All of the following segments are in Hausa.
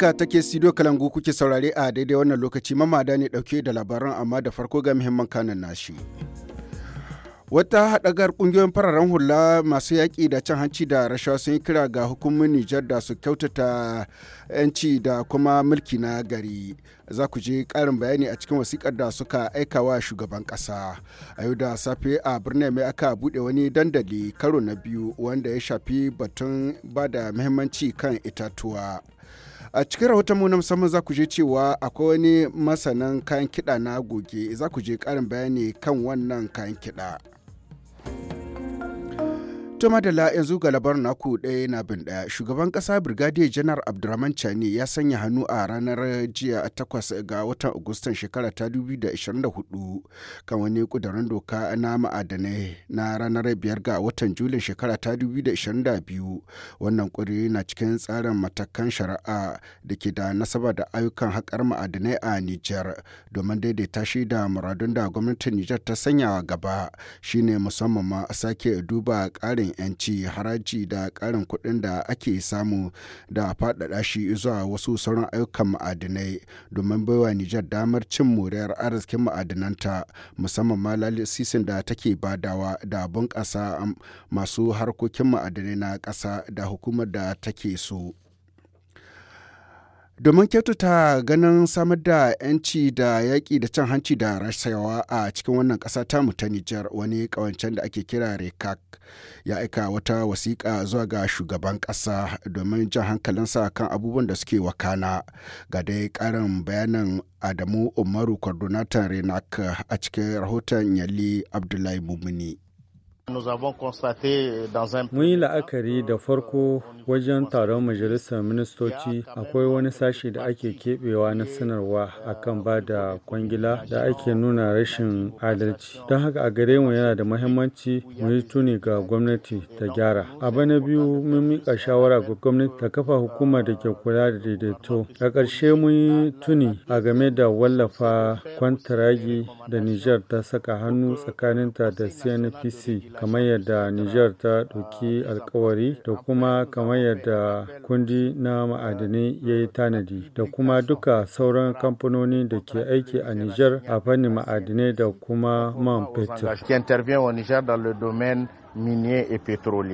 Haka take studio Kalangu kuke saurare a daidai wannan lokaci mamada ne dauke da labaran amma da farko ga muhimman kanan nashi. Wata haɗagar ƙungiyoyin fararen hula masu yaƙi da cin hanci da rashawa sun yi kira ga hukumin Nijar da su kyautata 'yanci da kuma mulki na gari. Za ku je ƙarin bayani a cikin wasiƙar da suka aika wa shugaban ƙasa. A yau da safe a birnin mai aka buɗe wani dandali karo na biyu wanda ya shafi batun ba da muhimmanci kan itatuwa. a cikin mu na musamman za ku je cewa akwai wani masanan kayan kiɗa na goge za ku je ƙarin bayani kan wannan kayan kiɗa. To madala yanzu ga labarin naku ɗaya na bin ɗaya. Shugaban ƙasa Brigadier Janar Abdurrahman Chani ya sanya hannu a ranar jiya a takwas ga watan Agustan shekara ta 2024 kan wani ƙudurin doka na ma'adanai na ranar biyar ga watan Julin shekara ta 2022. Wannan ƙuri na cikin tsarin matakan shari'a da ke da nasaba da ayyukan haƙar ma'adanai a Nijar domin daidaita shi da muradun da gwamnatin Nijar ta sanya gaba shine musamman ma sake duba ƙarin 'yanci haraji da karin kuɗin da ake samu da faɗaɗa shi zuwa wasu sauran ayyukan ma'adinai domin baiwa Nijar damar cin muriyar arzikin ma'adinanta musamman ma lalisisin da take badawa da bunƙasa masu harkokin ma'adinai na ƙasa da hukumar da take so. domin kyautata ganin samar da 'yanci da yaƙi da cin hanci da rashawa a cikin wannan ƙasa ta mu ta Nijar wani ƙawancen da ake kira rekak ya aika wata wasiƙa zuwa ga shugaban ƙasa domin jan hankalinsa kan abubuwan da suke wakana ga dai ƙarin bayanan Adamu Umaru Kwadunatan Renak a cikin rahoton Yali Abdullahi Mumini. Euh, mun yi la'akari da farko wajen taron majalisar ministoci akwai wani sashi da ake keɓewa na sanarwa akan ba da kwangila da ake nuna rashin adalci. Don haka a gare mu yana da mahimmanci mu yi tuni ga gwamnati ta gyara. a bana biyu mun mika shawara ga gwamnati ta kafa hukuma da ke kula da daidaito. A ƙarshe mun yi tuni a game da wallafa kwantaragi da Nijar ta saka hannu tsakaninta da CNPC kamar yadda Nijar ta ɗauki alkawari da kuma kamar yadda kundi na ma'adanai ya yi tanadi da kuma duka sauran kamfanoni da ke aiki a Nijar a fannin ma'adanai da kuma man fetur.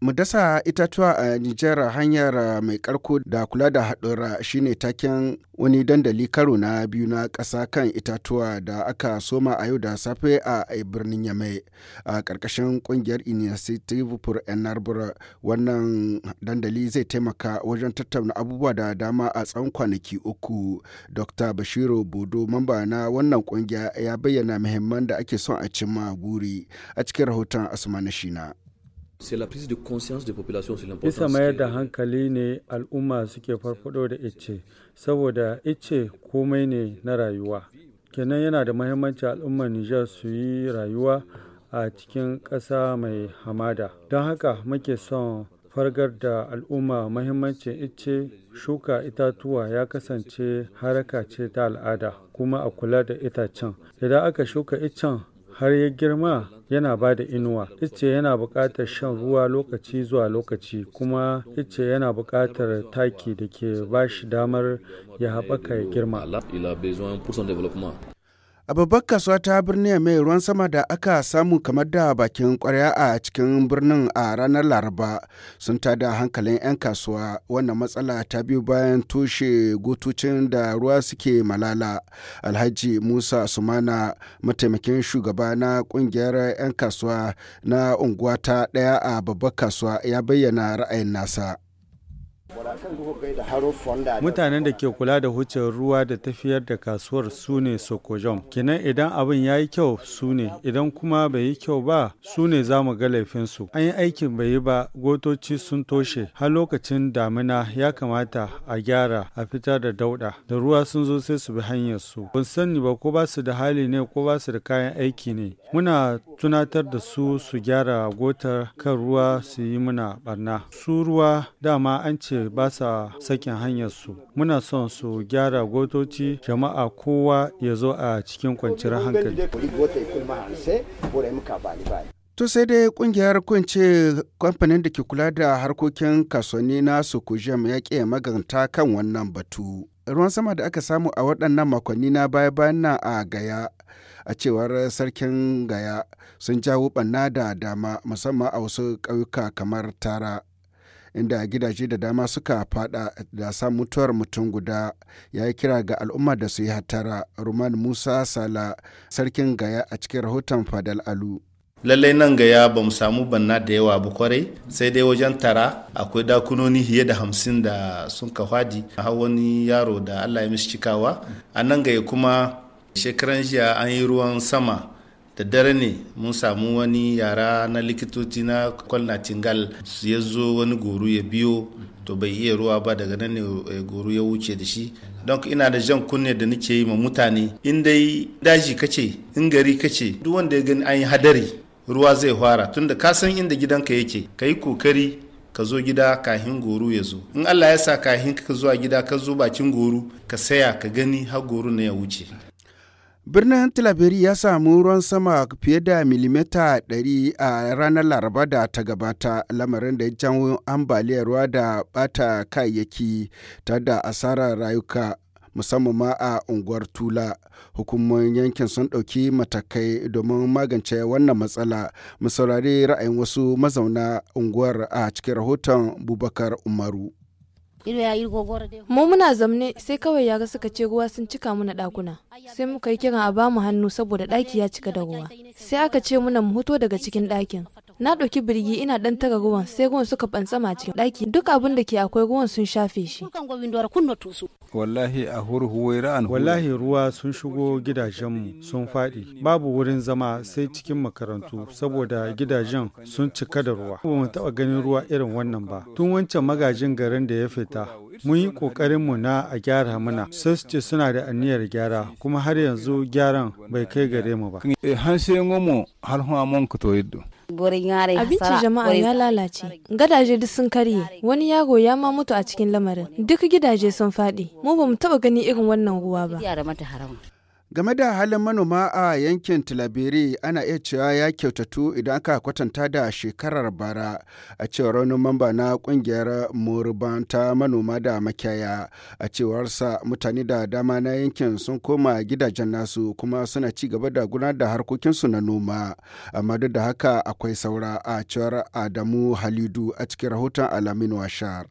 Mu dasa itatuwa a Nijar hanyar uh, mai karko da kula da haɗura shine taken wani dandali karo na biyu na ƙasa kan itatuwa da aka soma a yau da safe a birnin Yamai a ƙarƙashin ƙungiyar Initiative for Enarbor wannan dandali zai taimaka wajen tattauna abubuwa da dama a tsawon kwanaki uku. Dr. Bashiru Bodo mamba na wannan ƙungiya ya bayyana muhimman da ake son a cimma buri a cikin rahoton Asuma na Shina. Isa mayar da hankali ne al'umma suke farfado da ice, saboda ice komai ne na rayuwa. Kenan yana da mahimmanci al'ummar Nijar su yi rayuwa a cikin ƙasa mai hamada. Don haka muke son fargar da al'umma mahimmancin ice shuka itatuwa ya kasance haraka ce ta al'ada kuma a kula da itacen idan aka shuka icen har ya girma yana ba da inuwa ice yana bukatar shan ruwa lokaci zuwa lokaci kuma ice yana bukatar taki da ke ba shi damar ya haɓaka ya girma A babbar kasuwa ta birnin mai ruwan sama da aka samu kamar da bakin kwarya a cikin birnin a ranar Laraba sun tada hankalin 'yan kasuwa wannan matsala ta biyu bayan toshe gutucin da ruwa suke malala. Alhaji Musa Sumana mataimakin shugaba na kungiyar 'yan kasuwa na unguwa ta ɗaya a babbar kasuwa ya bayyana ra'ayin nasa. Mutanen da ke kula da wucin ruwa da tafiyar da kasuwar su ne Sokojom. Kenan idan abin ya yi kyau su ne, idan kuma bai yi kyau ba su ne za mu ga laifinsu. An yi aikin bai yi ba gotoci sun toshe, har lokacin damina ya kamata a gyara a fita da dauda. Da ruwa sun zo sai su bi hanyar su. Ban sani ba ko ba su da hali ne ko ba su da kayan aiki ne. Muna tunatar da su su gyara gotar kan ruwa su yi muna barna. Su ruwa dama an ce da ba sa sakin hanyar su muna son su gyara gotoci jama'a kowa ya zo a cikin kwanciyar hankali To sai dai kungiyar kunce kamfanin da ke kula da harkokin kasuwanni na Sokojam ya ke maganta kan wannan batu. Ruwan sama da aka samu a waɗannan makonni na baya bayan na a Gaya a cewar sarkin Gaya sun jawo ɓanna da dama musamman a wasu ƙauyuka kamar Tara. inda gidaje da dama suka fada da sa mutuwar mutum guda ya yi kira ga al'umma da su yi hatara roman musa sala sarkin gaya a cikin rahoton fadal alu lallai nan gaya ba mu samu banna da yawa ba kwarai sai dai wajen tara akwai dakunoni fiye da hamsin da sun ka a wani yaro da allah ya mishi cikawa a nan gaya kuma shekaran jiya an yi ruwan sama da dare ne mun samu wani yara na likitoci na kwalna tingal ya zo wani goro ya biyo to bai iya ruwa ba daga nan ne eh, goro ya wuce da shi don ina da jan kunne da nake yi ma mutane in dai daji kace in gari kace duk wanda ya gani an yi hadari ruwa zai fara tunda ka san inda gidanka yake ka yi kokari ka zo gida kahin goro ya zo in allah ya sa kahin ka zuwa gida ka zo bakin goro ka saya ka gani har goro na ya wuce Birnin Tilaberi ya samu ruwan sama fiye da milimita 100 a ranar Laraba da ta gabata, lamarin da ya janwo ambaliyar ruwa da bata kayayyaki ta da asarar rayuka. musamman ma a unguwar tula hukumomin yankin sun ɗauki matakai domin magance wannan matsala mu saurari ra'ayin wasu mazauna unguwar a cikin rahoton bubakar umaru mu muna zamne sai kawai ya ga suka ce ruwa sun cika muna ɗakuna sai muka yi kiran a bamu hannu saboda ɗaki ya cika da ruwa sai aka ce muna mu huto daga cikin ɗakin na ɗauki birgi ina ɗan taga ruwan sai ruwan suka bantsama cikin ɗaki duk abin da ke akwai ruwan sun shafe shi wallahi a hurhuwaira wallahi ruwa sun shigo gidajenmu sun faɗi babu wurin zama sai cikin makarantu saboda gidajen sun cika da ruwa ba mu taɓa ganin ruwa irin wannan ba tun wancan magajin garin da ya fita mun yi mu na a gyara mana sai suna da aniyar gyara kuma har yanzu gyaran bai kai gare mu ba eh, har sai ngomo har mun ka to abinci jama'a ya lalace. Gadaje duk sun karye. Wani yago ya ma mutu a cikin lamarin. Duk gidaje sun faɗi. Mu ba mu taɓa gani irin wannan ruwa ba. Game da halin manoma a yankin tilabiri ana iya cewa ya kyautatu idan aka kwatanta da shekarar bara a cewar wani mamba na kungiyar Moruban ta manoma da makiyaya a cewarsa mutane da dama na yankin sun koma gidajen nasu kuma suna ci gaba da gudanar da harkokinsu na noma amma duk da haka akwai saura a cewar Adamu Halidu a cikin rahoton Alamin Washar.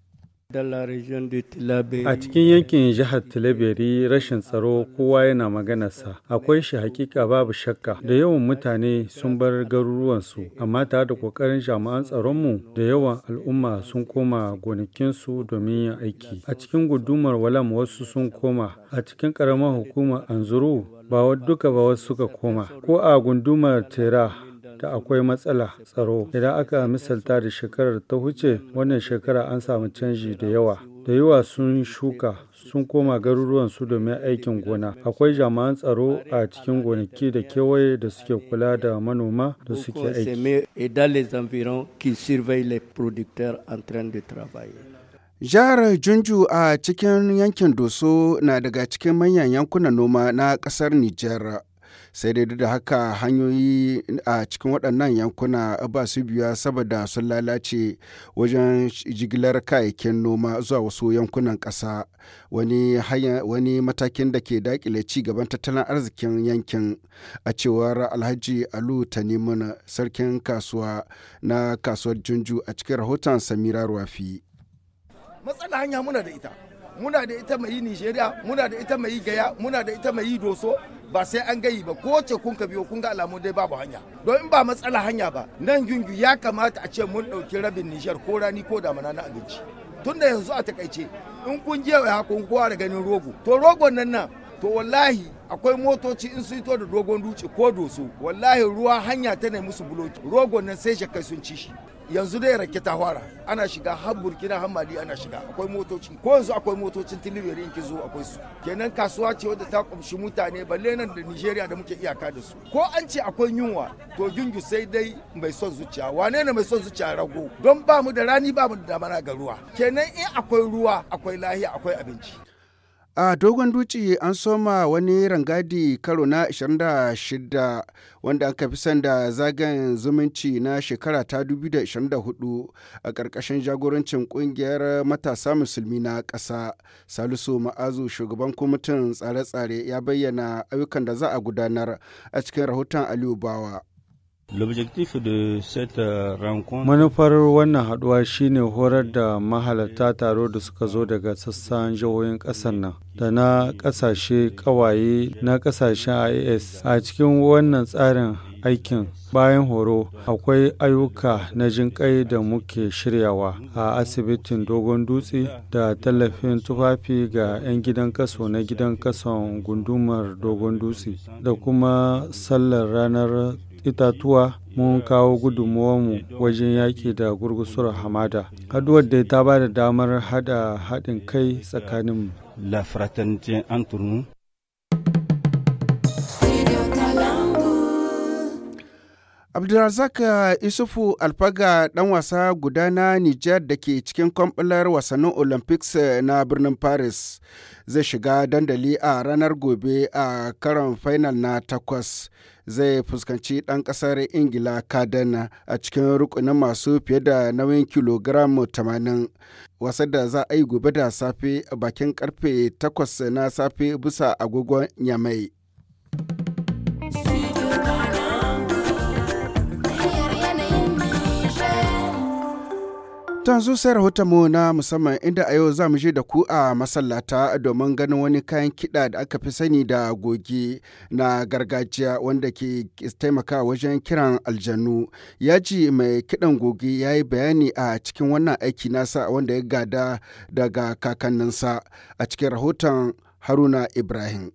A cikin yankin jihar Tilaberi rashin tsaro kowa yana maganarsa. Akwai shi hakika babu shakka da yawan mutane sun bar garuruwansu, amma tare da kokarin jami'an tsaronmu da yawan al'umma sun koma gonakinsu domin yin aiki. A cikin gudumar walam wasu sun koma, a cikin ƙaramar hukumar Anzuru ba duka ba wasu suka koma, ko a gundumar Tera da akwai matsala tsaro idan aka misalta da shekarar ta huce wannan shekara an samu canji da yawa da yawa sun shuka sun koma garuruwan su domin aikin gona akwai jami'an tsaro a cikin gonaki da kewaye da suke kula da manoma da suke aiki Jihar Junju a cikin yankin Doso na daga cikin manyan yankunan noma na ƙasar Nijar. sai dai da haka hanyoyi a cikin waɗannan yankuna ba su biya saboda sun lalace wajen jigilar kayayyakin noma zuwa wasu yankunan ƙasa wani, matakin da ke dakile ci gaban tattalin arzikin yankin a cewar alhaji alu tanimun sarkin kasuwa na kasuwar junju a cikin rahoton samira ruwafi matsala hanya muna da ita muna da ita mai yi nigeria muna da ita mai yi gaya muna da ita mai yi doso ba sai an gayi ba ko ce kun ka biyo kun ga alamu dai babu hanya don in ba matsala hanya ba nan gungu ya kamata a ce mun ɗauki rabin nijar ko rani ko damana na abinci tun da yanzu a takaice in kun je ya kun kowa da ganin rogo to rogon nan nan to wallahi akwai motoci in sun da dogon duce ko doso wallahi ruwa hanya ta ne musu buloki rogon nan sai shakai sun ci shi yanzu dai rake ta fara ana shiga har burkina har mali ana shiga akwai motocin ko yanzu akwai motocin tilibiri in ki zo akwai su kenan kasuwa ce wadda ta kumshi mutane balle nan da nigeria da muke iyaka da su ko an ce akwai yunwa to gingu sai dai mai son zuciya wane ne mai son zuciya rago don ba mu da rani ba mu da damana ga ruwa kenan in akwai ruwa akwai lahiya akwai abinci a dogon duci an soma wani rangadi karo na 26 wanda aka fi da zagayen zumunci na shekara ta 2024 a ƙarƙashin jagorancin ƙungiyar matasa musulmi na ƙasa salisu ma'azu shugaban kwamitin tsare-tsare ya bayyana ayyukan da za a gudanar a cikin rahoton aliyu bawa Euh, Manufar wannan haɗuwa shine horar da mahalarta taro da suka zo daga sassan jihohin ƙasar nan da na ƙasashe ƙawaye na ƙasashen IAS. A cikin wannan tsarin aikin bayan horo akwai ayyuka na jin jinƙai da muke shiryawa a asibitin dogon dutse da tallafin tufafi ga 'yan gidan kaso na gidan kason gundumar dogon dutse da kuma sallar ranar itatuwa mun kawo mu wajen yaƙi da gurgusuwar hamada. Haduwar dai ta ba da damar hada haɗin kai tsakaninmu. La fraternité Abdulrazak eh, Isufu Alfaga ɗan wasa guda na Nijar da ke cikin kwamfular wasannin Olympics eh, na birnin Paris zai shiga dandali a ranar gobe a karon final na takwas zai fuskanci ɗan ƙasar Ingila Kadan a cikin rukunin masu fiye da nauyin kilogram 80 wasan da za a yi gobe da safe bakin karfe 8 na safe bisa agogon Yamai. Tun zo rahoton mu na musamman inda a yau za mu je da ku a masallata domin ganin wani kayan kiɗa da aka fi sani da goge na gargajiya wanda ke taimaka wajen kiran aljanu. Yaji mai kiɗan goge ya yi bayani a cikin wannan aiki nasa wanda ya gada daga kakanninsa a cikin rahoton Haruna Ibrahim.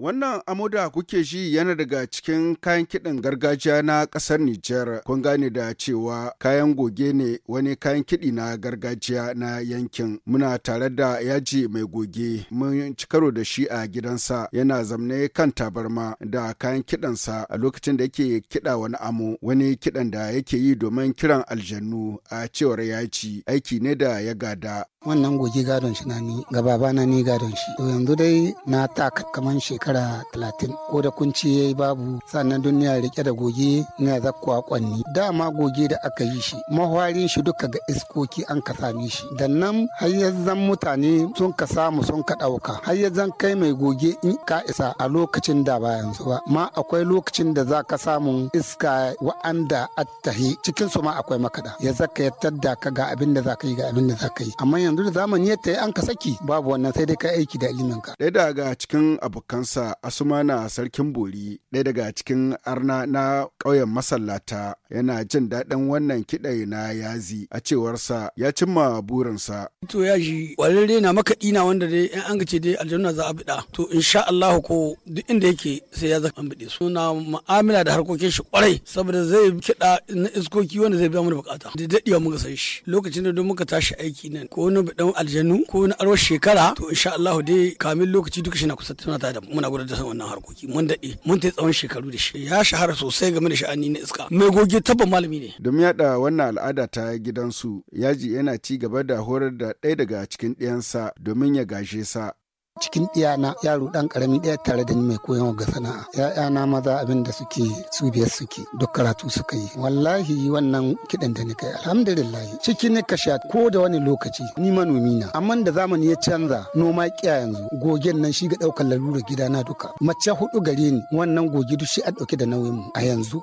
Wannan amuda kuke ji yana daga cikin kayan kiɗin gargajiya na ƙasar Nijar. Kun gane da cewa kayan goge ne wani kayan kiɗi na gargajiya na yankin. Muna tare da yaji mai goge mun ci karo da shi a gidansa yana zamne kan tabarma da kayan kiɗansa a lokacin da yake kiɗa wani amo wani kiɗan da yake yi domin kiran aljannu a cewar yaji aiki ne da ya gada. Wannan goge gadon shi na ni gaba na ni gadon shi. To yanzu dai na ta kaman shekara shekara talatin ko da kunci babu sannan duniya rike da goge na zakkuwa kwanni dama goge da aka yi shi mahwarin shi duka ga iskoki an ka same shi da nan hayyazan mutane sun ka samu sun ka ɗauka hayyazan kai mai goge in ka isa a lokacin da ba yanzu ba ma akwai lokacin da za ka samu iska wa'anda attahi cikin su ma akwai makada ya zaka ya tadda ka ga abin da za ka yi ga abin da za ka yi amma yanzu da zamani ya tayi an ka saki babu wannan sai dai ka aiki da ilimin ka. Ɗaya daga cikin abokansa ɗansa Asumana Sarkin Bori, ɗaya daga cikin arna na ƙauyen masallata, yana jin daɗin wannan kiɗa na yazi a cewarsa ya cimma burinsa. To ya shi na makaɗi na wanda dai in an gace dai aljanna za a biɗa. To insha Allah ko duk inda yake sai ya zaka an biɗe. Suna mu'amala da harkokin shi ƙwarai saboda zai kiɗa na iskoki wanda zai biya mana buƙata. Da daɗi muka san shi. Lokacin da don muka tashi aiki nan ko wani biɗan aljanu ko wani arwar shekara to insha Allah dai kamin lokaci duka shi na kusa tana da muna gudanar da wannan harkoki mun daɗe mun ta tsawon shekaru da shi ya shahara sosai game da sha'ani na iska mai goge tabban malami ne domin yaɗa wannan al'ada ta gidansu yaji yana ci gaba da horar da ɗaya daga cikin ɗiyansa domin ya gashe sa cikin ɗiyana yaro ɗan ƙarami ɗaya tare da ni mai koyon ga sana'a ‘ya'yana maza abin da suke su biyar suke duk karatu suka yi wallahi wannan kiɗan da ni kai alhamdulillahi ciki ne ka sha ko da wani lokaci ni manomi na amma da zamani ya canza noma kiya yanzu gogen nan shi ga ɗaukar gida na duka mace hudu gare ni wannan goge duk shi a ɗauke da nauyin mu a yanzu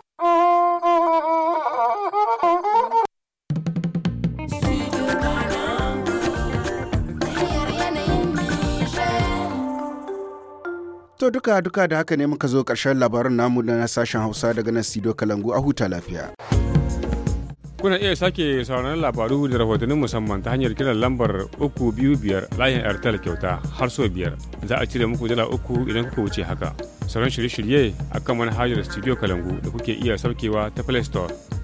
To duka duka da haka ne muka zo ƙarshen labarin namu na sashen Hausa daga nan Sido Kalangu a huta lafiya. Kuna iya sake sauraron labaru da rahotannin musamman ta hanyar kiran lambar uku 325 layin Airtel kyauta har so biyar. Za a cire muku dala uku idan kuka wuce haka. Sauran shirye-shirye a kan manhajar Studio Kalangu da kuke iya saukewa ta Play Store.